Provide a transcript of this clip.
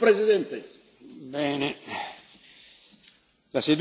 presidente bene la seduta